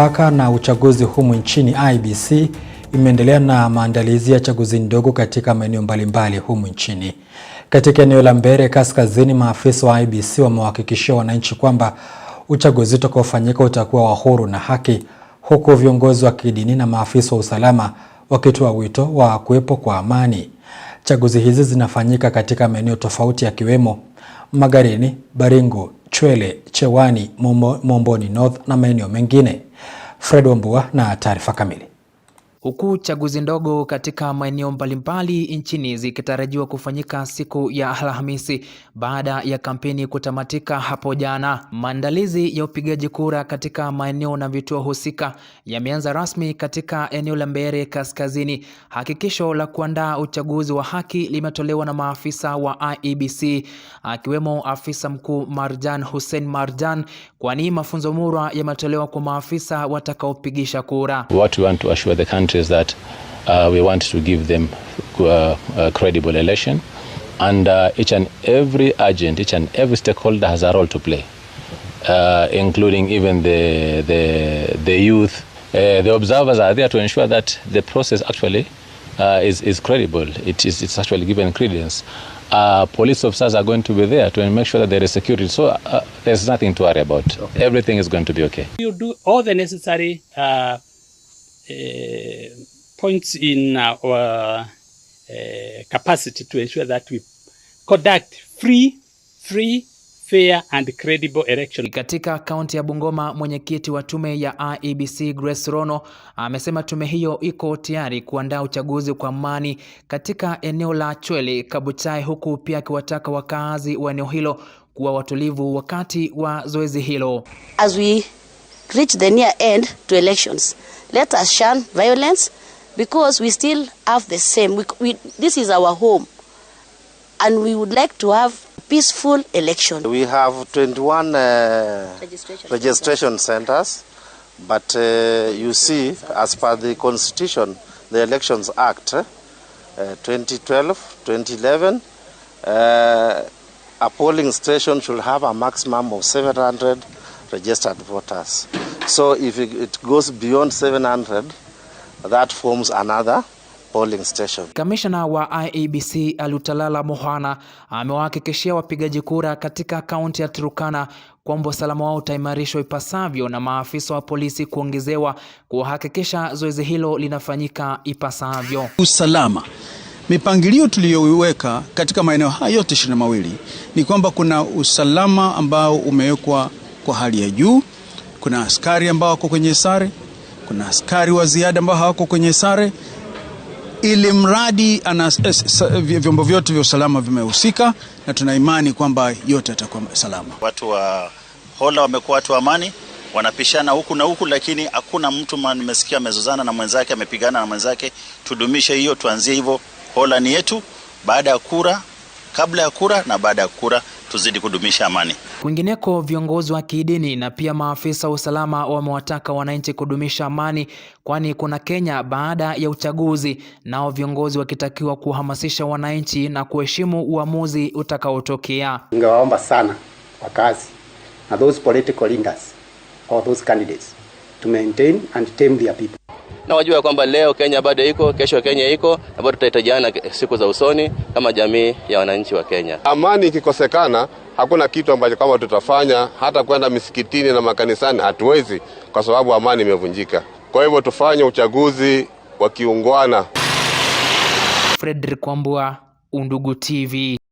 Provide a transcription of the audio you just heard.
Mamlaka na uchaguzi humu nchini IEBC imeendelea na maandalizi ya chaguzi ndogo katika maeneo mbalimbali humu nchini. Katika eneo la Mbeere Kaskazini, maafisa wa IEBC wamewahakikishia wananchi kwamba uchaguzi utakaofanyika utakuwa wa huru na haki, huku viongozi wa kidini na maafisa wa usalama wakitoa wito wa kuwepo kwa amani. Chaguzi hizi zinafanyika katika maeneo tofauti yakiwemo Magarini, Baringo, Chwele, Chewani, Momboni North na maeneo mengine. Fred Wambua na taarifa kamili huku chaguzi ndogo katika maeneo mbalimbali nchini zikitarajiwa kufanyika siku ya Alhamisi baada ya kampeni kutamatika hapo jana. Maandalizi ya upigaji kura katika maeneo na vituo husika yameanza rasmi katika eneo la Mbeere Kaskazini. Hakikisho la kuandaa uchaguzi wa haki limetolewa na maafisa wa IEBC akiwemo afisa mkuu Marjan Hussein Marjan, kwani mafunzo murwa yametolewa kwa maafisa watakaopigisha kura. What we want to assure the country is that uh, we want to give them uh, a credible election. And uh, each and every agent, each and every stakeholder has a role to play, uh, including even the, the, the youth. Uh, the observers are there to ensure that the process actually uh, is, is credible. It is, it's actually given credence. police officers are going to be there to make sure that there is security. So there's nothing to worry about. Okay. Everything is going to be okay. You do all the necessary Eh, points in our uh, capacity to ensure that we conduct free, free fair and credible election. Katika kaunti ya Bungoma, mwenyekiti wa tume ya IEBC Grace Rono amesema tume hiyo iko tayari kuandaa uchaguzi kwa amani katika eneo la Chwele Kabuchai, huku pia akiwataka wakazi wa eneo hilo kuwa watulivu wakati wa zoezi hilo. As we reach the near end to elections Let us shun violence because we still have the same. We, we, this is our home and we would like to have peaceful election. We have 21 uh, registration, registration centers, but uh, you see, as per the Constitution, the Elections Act, uh, 2012, 2011, uh, a polling station should have a maximum of 700 registered voters. So if it goes beyond 700, that forms another polling station. Kamishna wa IEBC Alutalala Mohana amewahakikishia wapigaji kura katika kaunti ya Turkana kwamba usalama wao utaimarishwa ipasavyo na maafisa wa polisi kuongezewa kuhakikisha zoezi hilo linafanyika ipasavyo. Usalama. Mipangilio tuliyoiweka katika maeneo haya yote ishirini na mawili ni kwamba kuna usalama ambao umewekwa kwa hali ya juu kuna askari ambao wako kwenye sare, kuna askari wa ziada ambao hawako kwenye sare, ili mradi ana eh, vyombo vyote vya usalama vimehusika, na tuna imani kwamba yote atakuwa salama. Watu wa Hola wamekuwa watu wa amani, wanapishana huku na huku, lakini hakuna mtu nimesikia amezozana na mwenzake, amepigana na mwenzake. Tudumishe hiyo, tuanzie hivyo. Hola ni yetu, baada ya kura, kabla ya kura na baada ya kura tuzidi kudumisha amani. Kwingineko, viongozi wa kidini na pia maafisa wa usalama wamewataka wananchi kudumisha amani, kwani kuna Kenya baada ya uchaguzi, nao viongozi wakitakiwa kuhamasisha wananchi na kuheshimu uamuzi utakaotokea. Ningewaomba sana wakazi na those political leaders or those candidates to maintain and tame their people na wajua kwamba leo Kenya bado iko, kesho Kenya iko na bado tutahitajiana siku za usoni kama jamii ya wananchi wa Kenya. Amani ikikosekana hakuna kitu ambacho kama tutafanya hata kwenda misikitini na makanisani hatuwezi, kwa sababu amani imevunjika. Kwa hivyo tufanye uchaguzi wa kiungwana. Fredrick Kwambua, Undugu TV.